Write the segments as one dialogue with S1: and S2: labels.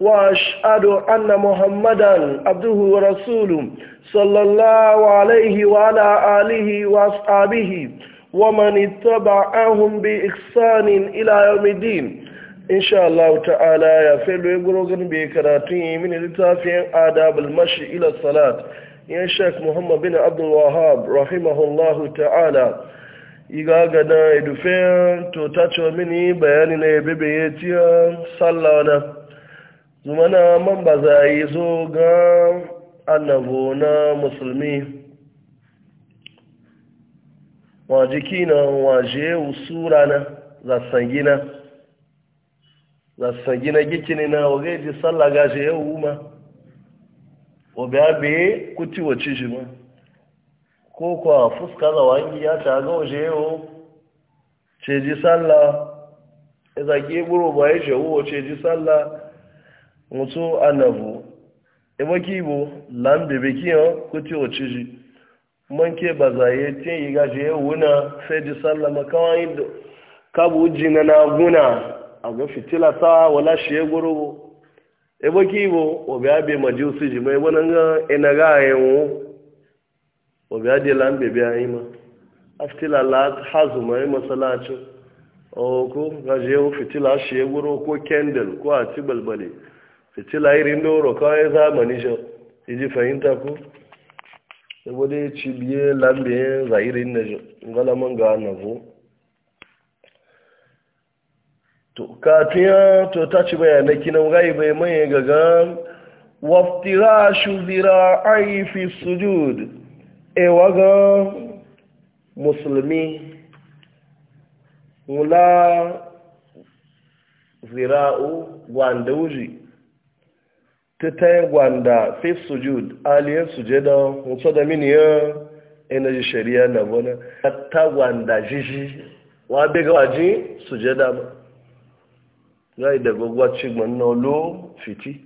S1: وأشهد أن محمدا عبده ورسوله صلى الله عليه وعلى آله وأصحابه ومن اتبعهم بإحسان إلى يوم الدين إن شاء الله تعالى يا فيلو يقولون بكراتي من لتافين آداب المشي إلى الصلاة يا شيخ محمد بن عبد الوهاب رحمه الله تعالى iga gana edufe to tacho mini bayani na ebebe ya tiya sallawa na zumana man ba za yi zo ga annabo na musulmi wajiki na waje usura na zasangina zasangina gikini na wage ji sallah gashi yau wuma obi abe kuti wace shi ma ko kwa fuska za wangi ya ta ga waje yau ce ji sallah ya e zaki buru ba ya e ce wuwa ce ji sallah mutu anabu ebe ki bu lan bebe ki yan kuti ociji man ke bazaye ti yi ga ya wuna sai ji sallama kawai kabu jina na guna a fitila ta wala shi ya guru ebe ki bu obi abe majusi ji mai wani ga ina ga yawo obi ade lan bebe ayi ma aftila la hazu mai masalacin ko gaje ya fitila shi goro guru ko candle ko a balbale fice layirin doro kawai zamani shi iji fahimta ku da wadda cibiye lambiyan zahirin na galaman ga nazo to katiya to ta ci bayanai kina gai bai maye gaga zira ai fi sujud ewa ga musulmi zira u gwande uji ta tayin gwanda fifth sujud aliyar sujeda wato da ina energy shari'a na bane ta gwanda jiji wa bega waje sujeda ma gai da gwagwaci gbanna lo fiti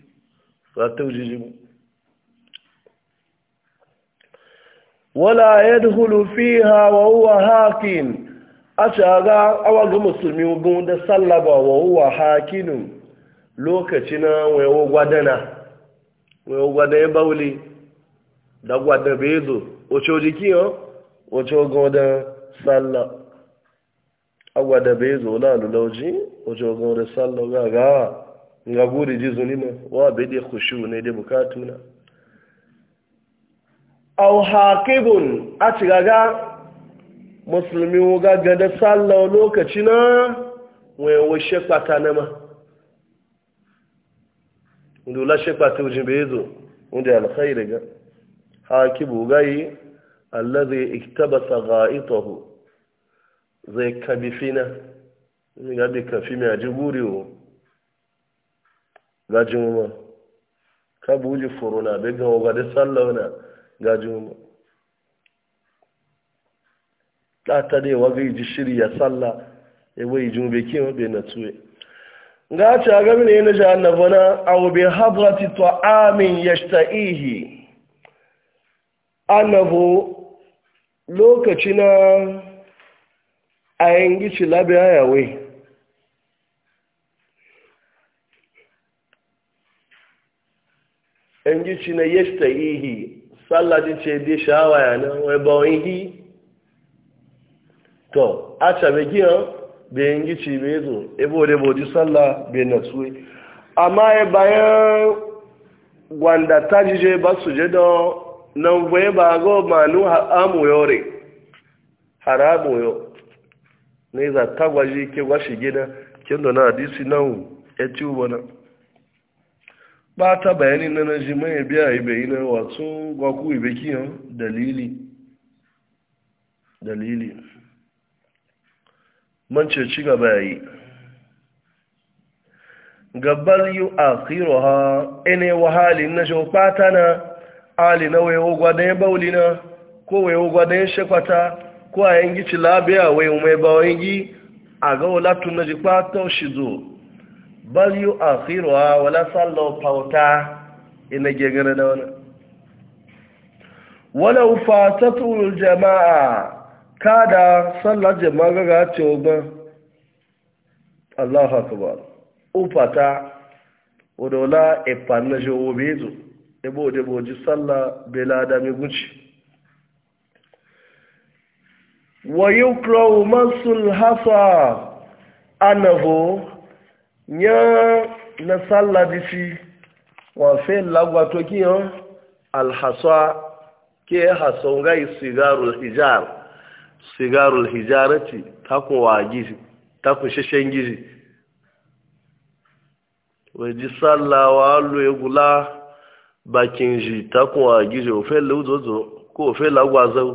S1: za ta jiji mu wala yadhulu fiha wa huwa hakin a shaga awa ga musulmi gun da sallaba wa huwa hakinu lokaci na wayo gwadana wọ́n gbada ya bawuli da gbada bai zo oche jiki yau ocho goda sallah a gwada bai zo na lulauji ocho sallah ga gawa ga guri n'ime zuni na wa bai da kushu ne bukatu na au a ci musulmi wuga gada sallah lokaci na wọ́n yẹn wọ́n ndu la shekpa tawjin bezo ndu al khair ga hakibu gai alladhi iktabasa ghaitahu zai kabifina ni ga bi kafi mi ajiburi o ga juma ka buji furuna be ga ga da sallauna ga juma ta ta dai wa ga ji shirya sallah e wai juma be kin be na tuwe ga ci a gami ne na jihannaba na awube habrati ta'amin ihe annabu lokaci na a yangi ci labiya yawai na ci na yashta'ihi salladi ce di na wai bawon hi to a cabe giyan bayan gici bai zo ebode bodi sallah bai natsuwe amma e bayan gwanda ta jije ba je don nan bai ba go manu amu haramu yo na za gwaji ke gị na hadisi na na ji mai biya na wasu gwaku ibe e dalili mance ci gaba ya yi gabar yi a kiro ha na shofata na ali na wayo gwadon baulina ko wayo gwadon shekwata ko a yangi ci labiya wayo mai bawon yi a ga wulatun na shi zo bal yi a kiro ha wala sallo pauta ina gegara da wani wala ufatatu jama'a kada sallar jama'a ga ce ogun allahu akubar ufata odola epanna jowo bezo ebe odebo ji sallah belada mi guci wa yukrahu masul hafa anahu nya na sallah disi wa fe lagwa to kiyan alhasa ke hasan ga isigarul hijar sigarul hijarati takun wa gizi takun shashen gizi waje sallawa lo egula bakin ji takun wa gizi ofe leuzozo ko ofe lagwazau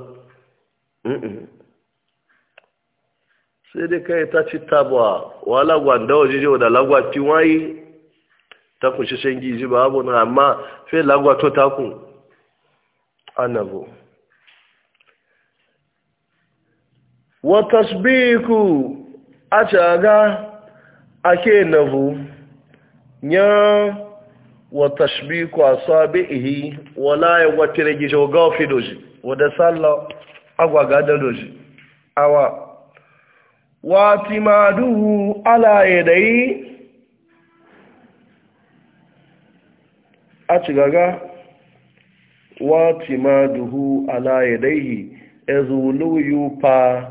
S1: sai dai kai ta ci tabuwa wa lagwan da waje jiwa da lagwa fi wayi takun shashen gizi ba abu na amma fe lagwa to takun anabo watasbiku a caga ake navu nya watashbiku asabihi wala ya watire gijo gafi doji wada salla agwa gada doji awa watimaduhu ala yadai a cigaga watimaduhu ala yadaihi ezuluyu pa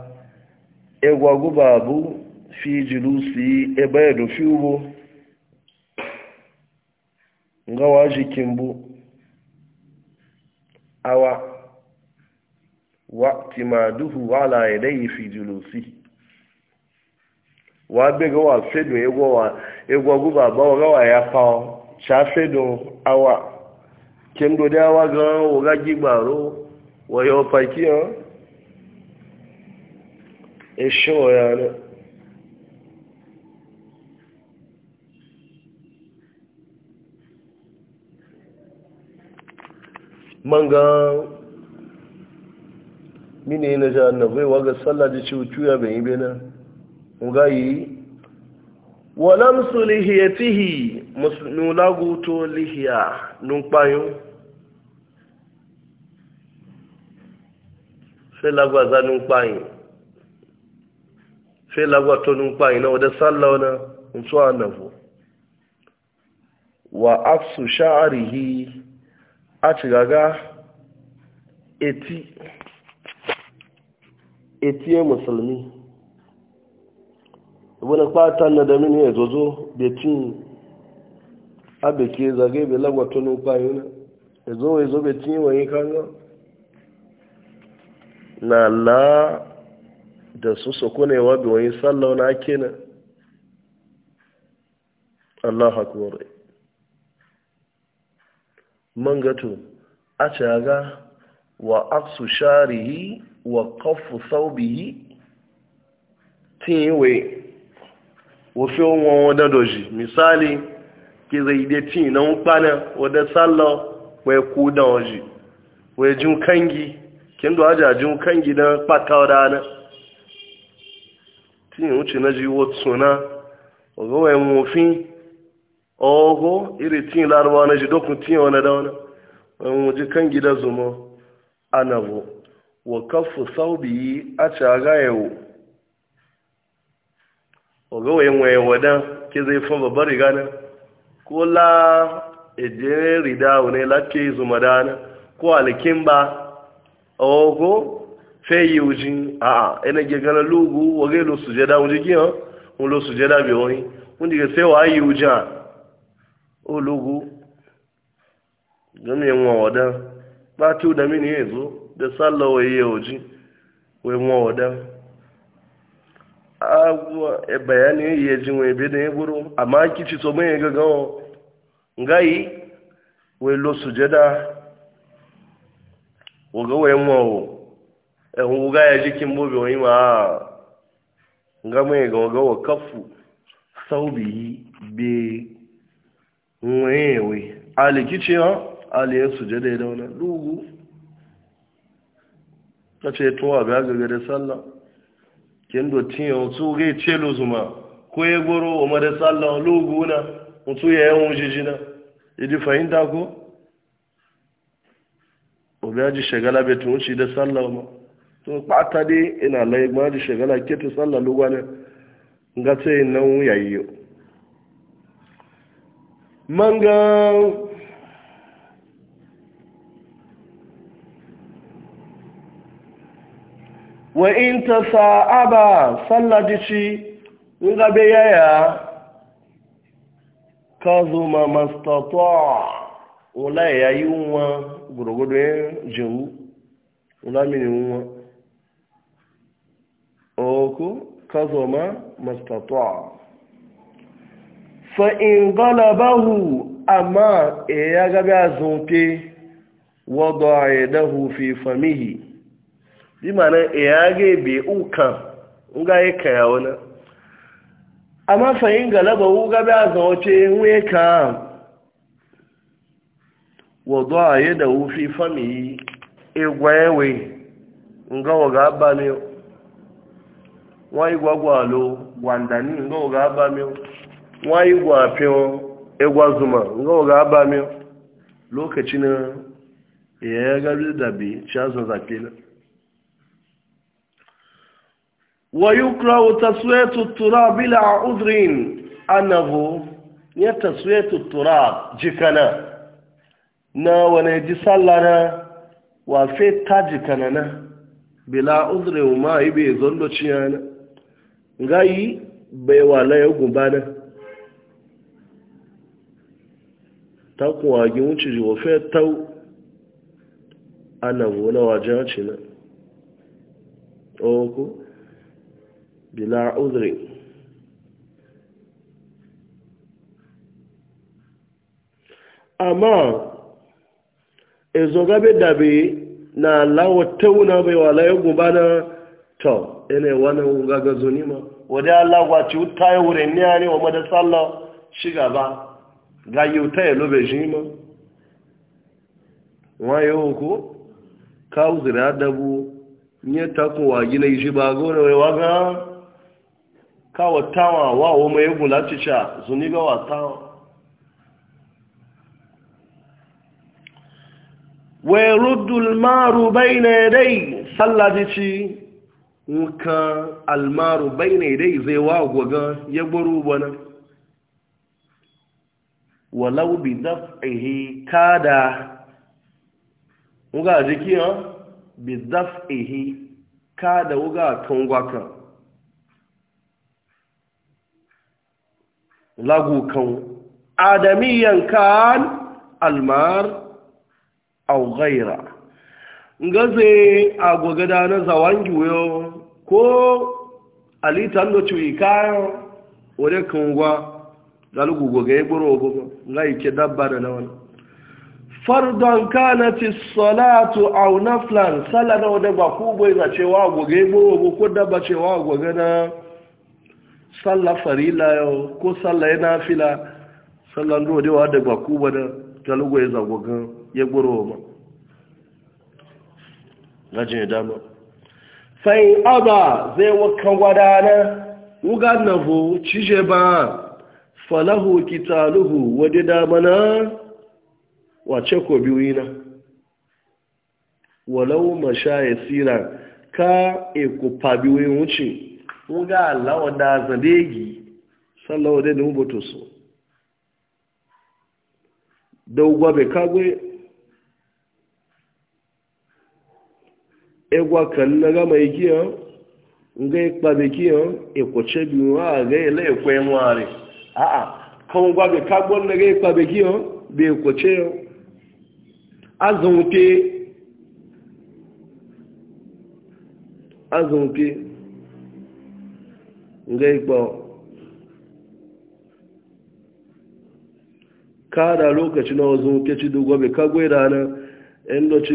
S1: egwagu babu fi jilusi ebe edo fi ugbo ngawa jikin bu awa wa timaduhu ala yadayhi fi julusi wa bega wa fedo egwawa egwagu babu gawa ya pawo cha fedo awa kendo da awa ga wo ga jigbaro wo yo pakiyo eshewa yana manga mini na ja annabai waga sallah da ci ucuya bai yi bena nga yi walamsu lihiyatihi nulagu to lihiya numfayin sai lagwaza numfayin sai lagwato numfa ina wadda sallauna in su annafo wa aksu sha'arihi a cigaga eti etiye musulmi wani kwatan na da mini ya zozo da tin abeke zage bai lagwato numfa ina ya zo ya zo bai tin wani kanga na la da su sokonewa bi wani sallah na kenan Allah akwai man gato a caga wa aksu sharihi wa kafu saubihi tinwe wofin onwon wadda doji misali ki zai dai tin na nkpana wadda sallah wai kudan waje wai jin kangi kin da ajajin kangi na da ana. tinye uche na ji wotu na ogo wa mufin ogo iri tin larwa na ji dokun tin wona da wona mu ji kan gida zumo anavo wa kafu saubi a caga yawo ogo wa enwe wada ke zai fa babbar riga na ko la ejere rida wona la ke zuma dana ko alkin ba ogo fẹ́yì òjì àà ẹnẹ́gẹ̀ gan lóògù wọ́gẹ́ ló sùjẹ́dá òjì kí hàn wọ́n ló sùjẹ́dá bí wọ́n yín wọ́n dìgbẹ́ sẹ́wọ̀ ayé à ó lóògù gami wọn ọ̀dá bá tí ó ní èzó ẹ̀bà wọn ẹ̀bẹ̀ àmọ́ kí ti sọ gangan ọ̀ ǹgá yìí wọ́n sùjẹ́dá ọ̀ ehunga ya jikin bobe wani ma ga mai gawagawa kafu saubihi be nwayewe alikici ha aliyu su jade da wani lugu ta ce tuwa ga gaga da sallah kin dotin yawon su gai ce lozuma ko ya goro o ma da sallah lugu na mutu ya yawon jijina idi fahimta ko obi aji shagala betu wuce da sallah ma so fata dai ina lai ma ji shagala ke ta tsalla lugana ga sai nan yayyo manga wa in ta sa'aba tsalla dici nga yaya ka zuma mastatwa wula yayi nwa gburugburu yin jiwu wula mini nwa ko kazo ma mastatuwa fa'in galabahu amma e ya gaba zunke wadda ya dahu fi famihi bi mana e ya gebe ukan nga ya e kaya wani amma fa'in galabahu gaba zunke nwe ka wadda ya dahu fi famihi egwayewe nga waga abaniyar nwaa igwa gwalo gwandani ngawo ga aba mii wo nwaa igwa fewo igwa e zuma ngawo ga aba mii wo na e ya gari dabi dabe chazazake na. wọ́lụ́ krọ́w tà swétú tụ́rá bílà úzrụ́rị́n ànávò nyè tà swétú tụ́rá jikàná nà wàna èjí sálá nà wà fè é tàjíkàná nà ma anyị bụ́ ịzọrọ ngayi bai wala ya gumbana ta kuwa gi wuce ji wafe tau ana wona wajen ci na oku bila uzri amma ezo gabe dabe na lawa tauna bai wala ya gumbana tau ene wannan gaga zonima wadda Allah gwaci wuta ya wurin niya ne wa mada sallah shiga ba ga yi wuta ya lobe shi ma waye ko kawo zira dabu nye takowa gina shi ba gona wai waga kawo tawa wa o mai gula cica zuniga wa tawa wai ruddul maru bai na yadai sallaji ci nka almaru bai ne dai zai wa gwaga ya gburu bana walau bi daf'ihi kada uga jiki ha bi daf'ihi kada uga kan gwaka lagu kan adamiyan kan almar au ghaira ngaze agwagada na zawangi wayo ko alitan do cuyi kayo wode kungwa galugu goge gboro ogogo ngai ke dabba da lawan fardan kanat as-salatu aw naflan salana wode ba ku boy za cewa goge gboro ogogo ko dabba cewa goge na salla farila yo ko salla yana fila sallan do de wa da ku ba da galugu ya zagogan ya gboro ma dama fai aba zai wakan wadana wugan na bu cije ba falahu kitaluhu wadda damana wace ko biyu na walau mashaye sira ka ekupa biyu wuce wuga alawa da zabegi sallawa da nubutu su da ugwabe kagwe egwa kan na gama iki nga ikpa be ki bi wa ga ile ekwe nware a a kan gwa ka gbon na ga gị be ki azunke azunke nga ikpa kada lokaci na wazo ci kagwe rana ci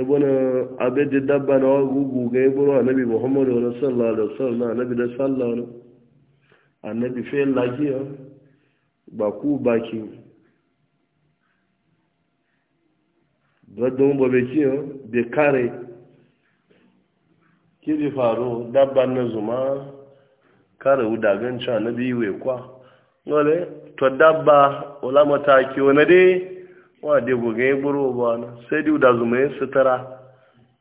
S1: ebona abeji dabba na gugu ga iburu annabi muhammadu wani sallallahu alaihi wasallam annabi da sallah wani annabi fe lafiya ba ku baki don ba beki be kare ki kiri faru dabba na zuma kare wudaganci annabi iwe kwa ngole to dabba wala mataki wani dai wadda buga ya buru ba na sai diu da zuma ya sitara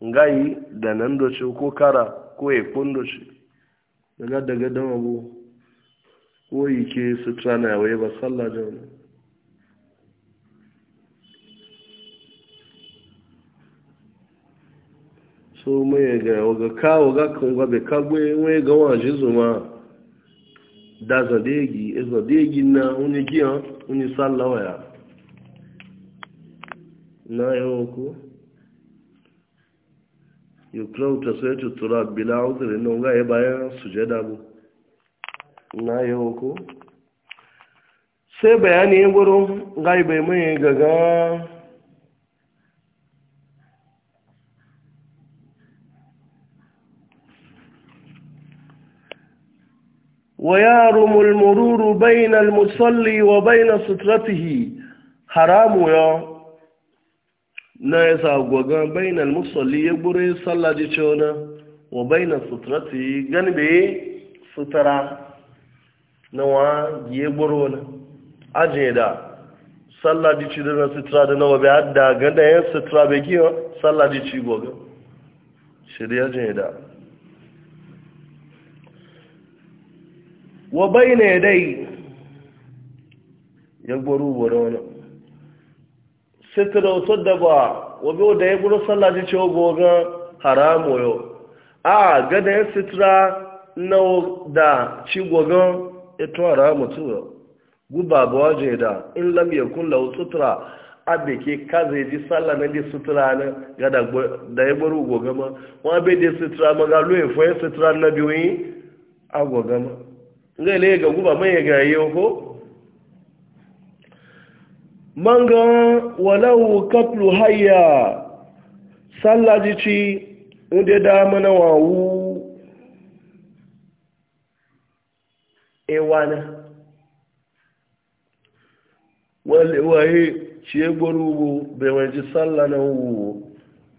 S1: ngayi da nan doce ko kara ko ya kun doce daga daga don abu ke sutura na yawai ba sallah da so mai ga waga kawo ga kan be kagbe wai ga waje zuma da zadegi zadegi na wani giyan wani sallawa ya nayin uku yukrau ta sai tutura bila uzuri nan ga bayan sujada bu nayin uku sai bayani ya wurin gai bai mai gaga ويارم المرور بين المصلي وبين سترته حرام يا na ya sa gwagon bainal musalli ya gure sallah ji cewa wa bainal gani ganibe sutura na wa ya gure na ajiye da sallah ji ci na sutura da na wabe hada ganda ya sutura bai kiyo sallah ji ci gwagon shirya ajiye da wa bainal dai ya gure wani sitira wasu daba ba wabi da ya guru sallah ji ce gogon haramu yau a gada ya sitira na da ci gogon ito hara tu yau guba ba waje da in lam ya kulla sutura abe ke kaza ji sala na di sutura na gada da ya guru gogama wa be di sutura ma ga lo efo sutura na biyu a gogama ngai le ga guba mai ga yau ko manga walau kaplu haya sallaji ci inda da mana wawu ewana waye ci ya gwarugu salla na wuwo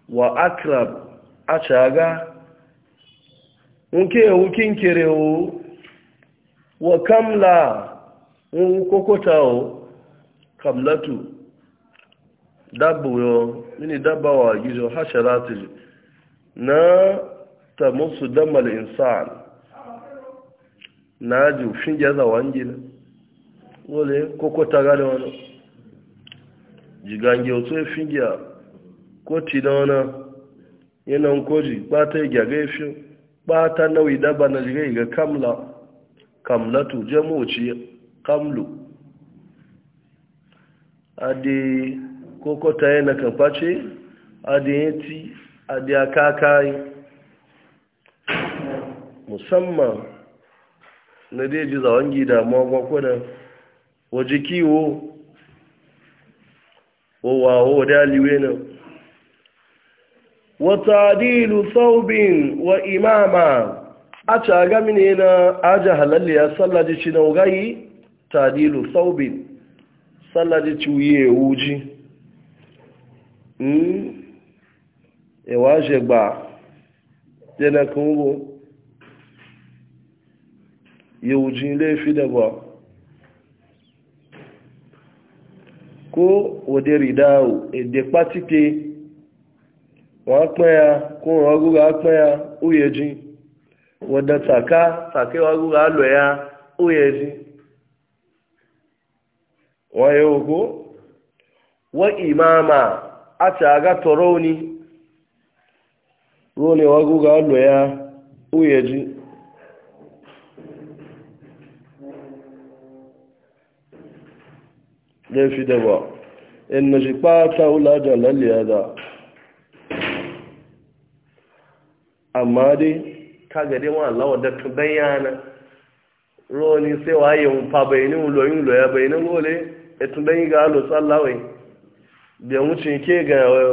S1: wa akrab a caga nke wukin kirewo wa kamla wukokota hamlatu dabbu yo mini dabba wa gizo hasharatu na ta musu damar insan na ji fin jaza wangila wole koko tagale wani jigange otu efin gya ko tina wana yana koji bata yi gyaga efin bata nauyi dabba na jigai ga kamla kamlatu jamuci kamlu adi kokota yana kaface adi yanti aka akakai musamman na dai ji zawon gida magwakwunan ụwa kiwo wawawo da na wataadilu saubin wa imama a caga mine na aja halalliya sallaji na ugayi taadilu saubin sallah ji ci wuye wuji ẹwà ṣe gbà jẹ́nà kan wó yewuji ilé ìfidẹ̀bọ̀ kó òde rìdá èdè pátìkè wọ́n pẹ́ ya kó wọ́n gúgà pẹ́ ya óyejì wọ́n dán tàká tàkẹ́ wọ́n gúgà lọ ya óyejì wayo ko wa imama a caga toroni ronewa guga allo ya uye ji laifi da ba in na ji kpata wulajen lalliya da amma dai kaga dai wani lawar da ta bayyana roni sai wa yi yin fa bayanin ulo yin ètò lẹ́yìn ga lò sáláwẹ̀ bí ẹ̀mú ti ga ẹ̀wẹ̀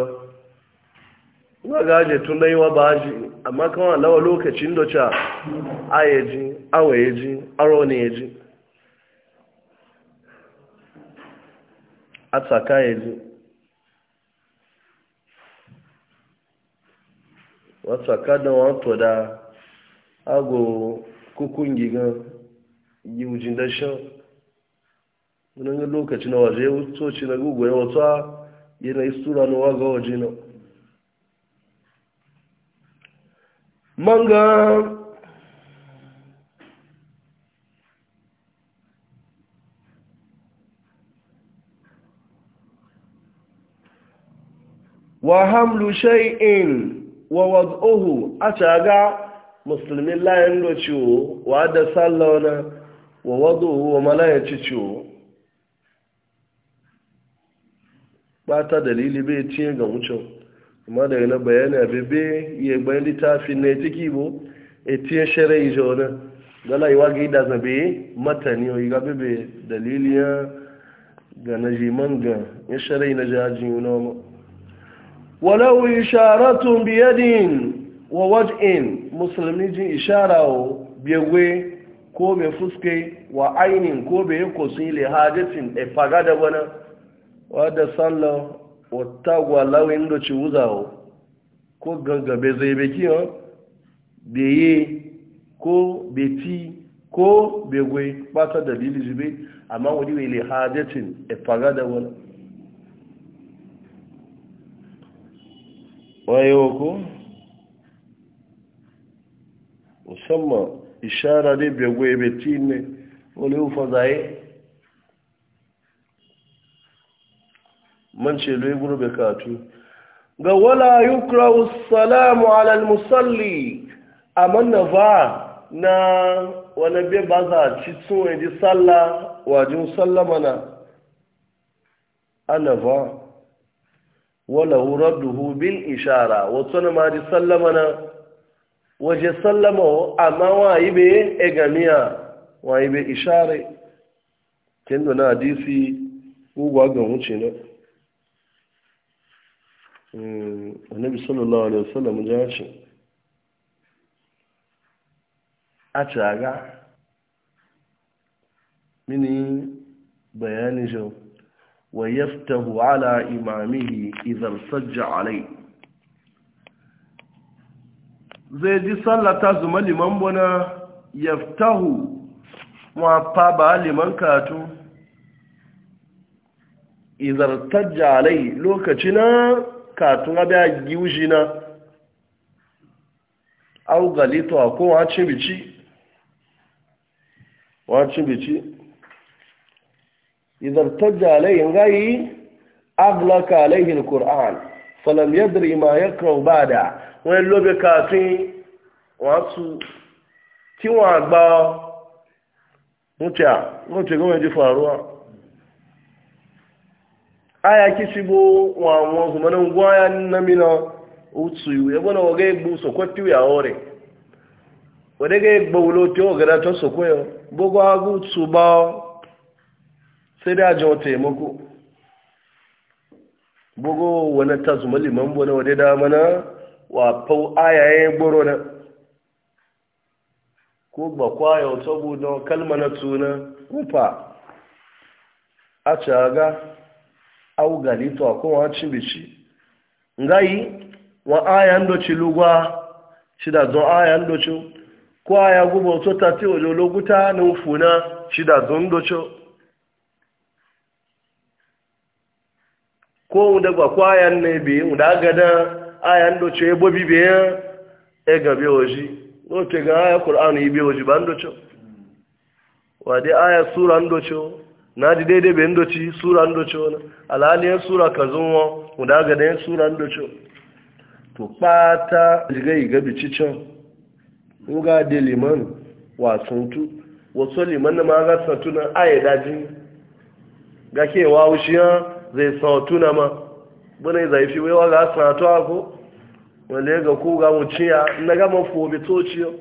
S1: wọ́n ga jẹ́ tún lẹ́yìn wọ́n bá jì àmá kan wà láwọ̀ lókèci ń dọ̀cha ayé jí awọ̀ ataka wọ́n tàka wọ́n wani ga lokaci na waje wutoci na gugu ya wata yana istura na waga waje na manga wa hamlu shay'in wa wad'uhu ataga muslimin la yando ciwo wa da sallawana wa wad'uhu wa malaikatu ciwo bata dalili bai ciye ga wucin amma daga na bayani a bebe iya bayan littafin na ita kibo e tiye shere ije na gala iwa ga ida zabe mata ni o iga bebe dalili ya ga na jiman ga ya shere na jajin yi noma walau isharatun biyadin wa waj'in musulmi jin ishara o biyagwe ko mai fuske wa ainin ko bai yi kosu ile hajjacin e faga da wani wadda wa wata gwalawin da ci wuzawo ko gangabe zai beki yan beye ko beti ko begwe bata dalili zube amma wani wele hajjacin efaga da wani waye wako musamman ishara ne begwe beti ne wani ufa zaye man ce lo gurbe katu ga wala yukrahu salamu ala musalli amanna fa na wani be ba za ci tun yaji salla wajin sallama na ana fa wala radduhu bin ishara wato na ma ji sallama na waje sallama amma wa yi be egamiya wa yi be ishare kin na hadisi ugwa ga wuce na Hmm, annabi sallallahu alaihi wasallam ya ce a caga mini bayanin shi wa yaftahu ala imamihi idan sajja alai zai ji sallata zuma liman bana yaftahu ma fa ba liman katu idan sajja alai lokacin katun abe a giwushi na au galito a ko wacin bici wacin bici idan tajja alayhin gayi aglaka alayhin qur'an falam yadri ma yakra bada wani lobe katun wasu waa wọ́n àgbà ọ́ ń tẹ́ à ń faruwa aya kisibo wa mwanzo mana ngwaya na mina utsuyu yabona wage gbu sokwati ya ore wadege gbu loti ogara to sokweyo bogo agu tsuba sai da ajo taimako bogo wani tazuma liman bona wade da mana wa fau ayayen gboro na ko ba kwayo saboda kalmar na tuna kufa a caga au galito ko wa cibici ngai wa aya ndo chilugwa shida zo aya ndo chu ko aya gubo to tati olologuta na ufuna shida zo ndo chu ko unda gwa kwaya ne bi unda gada aya ndo chu ebo bibe e gabe oji no te ga aya qur'an ibe oji ba ndo chu wa de aya sura ndo cho. na ji daidai bai ndoci sura ndoci wani alhaliyar sura ka zuwa guda ga dayan sura ndoci to kpata jiga yi gabi cicin nga da liman wasuntu wasu liman na ma ga santu na aya daji ga ke wa wushiya zai sautu na ma bane zai fi waiwa ga santu ako wale ga ku ga ya na ga mafobi tociyo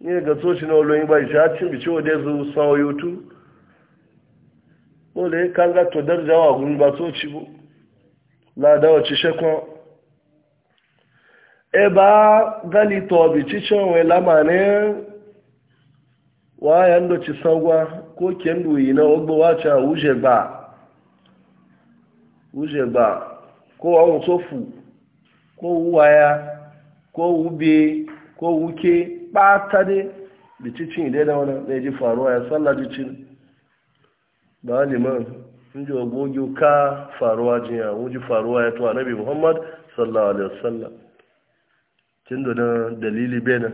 S1: ne ga toci na oloyin bai shi a cin bici wa dai zu sauyotu dole kan ga to darja wa ci bụ la da wa ci shekwa e ba gali to bi ci chon we la mane wa ya ndo ci sawwa ko kendo yi na ogbo wa cha uje ba uje ba ko awon sofu ko uwaya ko ube ko wuke ba ta de bi ci cin dai da wannan ne ji faruwa ya sallah ji ba liman in ji wa gogi ka faruwa jiya wuji faruwa ya tuwa nabi muhammad sallallahu alaihi wasallam tun da na dalili bena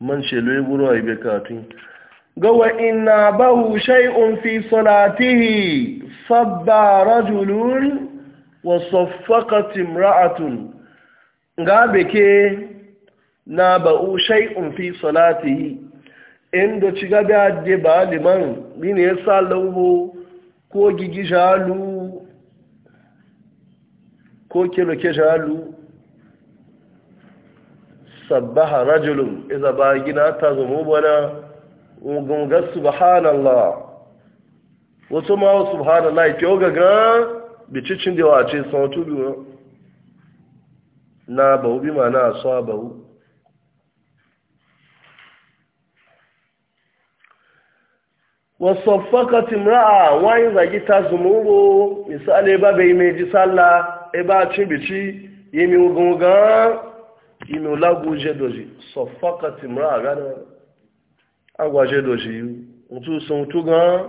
S1: man shelo ya buru a ibe katun gawa ina bahu shay'un fi salatihi sabba rajulun wa saffaqat imra'atun ga beke na ba'u shay'un fi salatihi inda ci gaba da ba liman mini ya sa laubo ko gigi shalu ko kiloke shalu sabbaha rajulun iza ba gina ta zama bana gungar subhanallah wasu ma subhanallah ya fiye gaga cicin da ce sanatu biyu na bau bi ma na so bau wasaffaka timra'a wani zagi ta zumuro misali ba bai mai ji sallah e ba cin bici yi mi gungan yi mi laguje doji saffaka timra'a gada agwaje doji mutu sun tu gan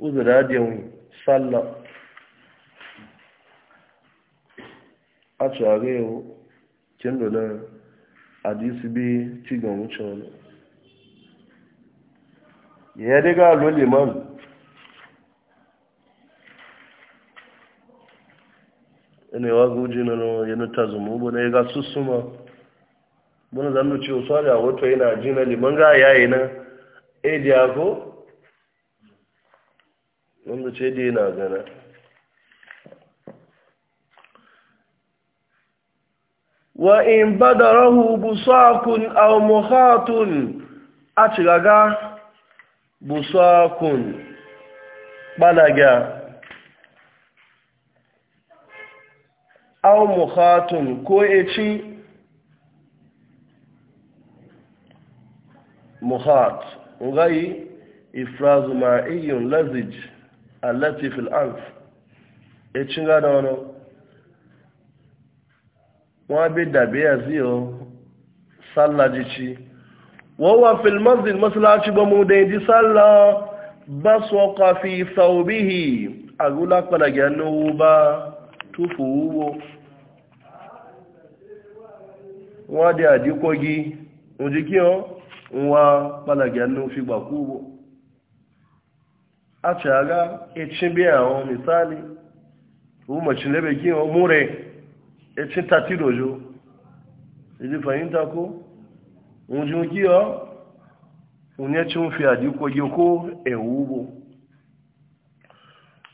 S1: uzura da yawon sallah a tsare yau kin dole adisi dcb cigan wuce wani ya daga lo liman ina yawa guji na no yana ta zumu bu na ya ga susuma buna na da ciwo sari a wato yana ji na liman ga yayi na ediya ko wanda ce da yana gana wa in badarahu busakun aw mukhatun a cigaga busakun balaga aw muhatun ko eci muhat ngai ifrazu ma'iyyun lazij allati fil anf eci nga da wani bi dabe ziyo sallaji ci wawa fil masjid masallaci ba mu da ji sallah ba su waka fi saubihi a gula kwalage nuhu ba tufu wuwo wọ́n dẹ̀ àdíkọ́gí òjíkí ọ́ ń wá pàlàgì àánú fi gbà kúrò àtàrà ẹ̀chín bí àwọn mìsáàlì misali, lẹ́bẹ̀ẹ́ kí ki mú mure ẹ̀chín tàtí lòjò ìdí ko. unjin giyo unye cin fi adiko giko ewubo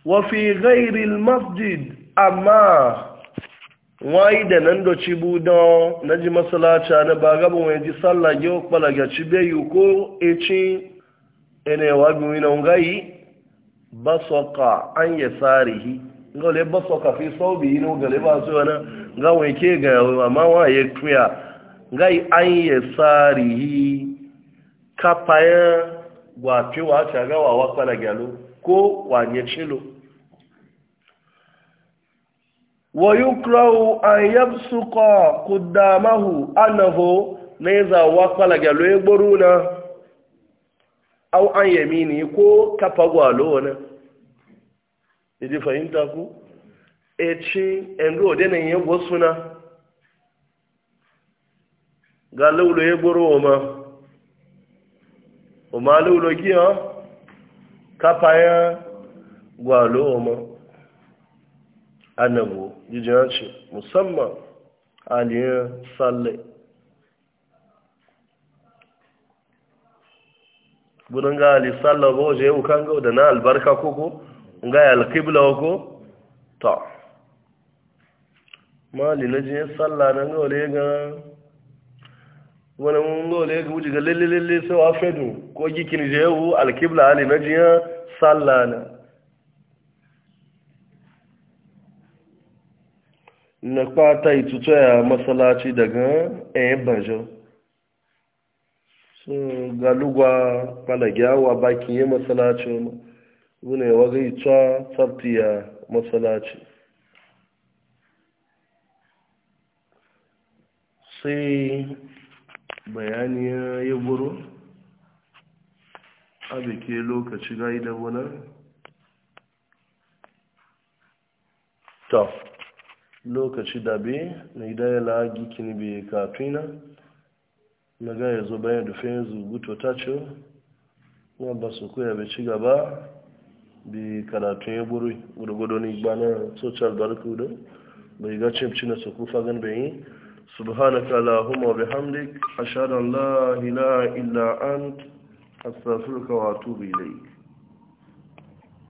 S1: wa fi ghairi masjid amma wai da nan do ci budo na ji masalaca na ba gaba wani ji sallah yau kwalaga ci bayu ko eci ene wa gumi na ngai basoka an ya tsarihi ngole basoka fi saubi yi no gale ba su wani ga wani ke ga amma wa tuya ngai an yi kapa ya gwafi wace gawa wakwana gyalo ko wanye cilo wa yukrahu an yabsuqa qudamahu annahu neza wakwana gyalo ya e gboro na au an yamini ko kafa gwalo na idi fahimta ku e ci endo dena yin suna ga laulo ya boro wa ma o ma laulo gi ha kapa ya gwa lo ma annabu jijina ce musamman aliyar sallai gudun ga ali sallah ba waje yau kan da na albarka koko ga ya alkibla ko ta ma lilajin sallah nan ga wale ga wani mun lole ga wuce ga lalle lalle sai wa fedu ko gikin jehu alkibla ali na jiya sallana na kwata ituto ya masalaci daga ɗayan eh, banjo so ga lugwa kwalagyawa bakin yi masalacin wune waga ita tsabtiya masalaci sai bayani ya buru a bike lokaci ga idan wani ta lokaci da be na ya lagi kini be kafina na ga ya zo bayan da fayin zuguto ta ce na ba su koya bai ci gaba bi karatun ya buru gudugudu ni gbanar social barkudu bai ga cimci na su kufa gan bayan subhanaka lahumma bihamdik ashhadu an la ilaha illa ant astaghfiruka wa atubu ilayk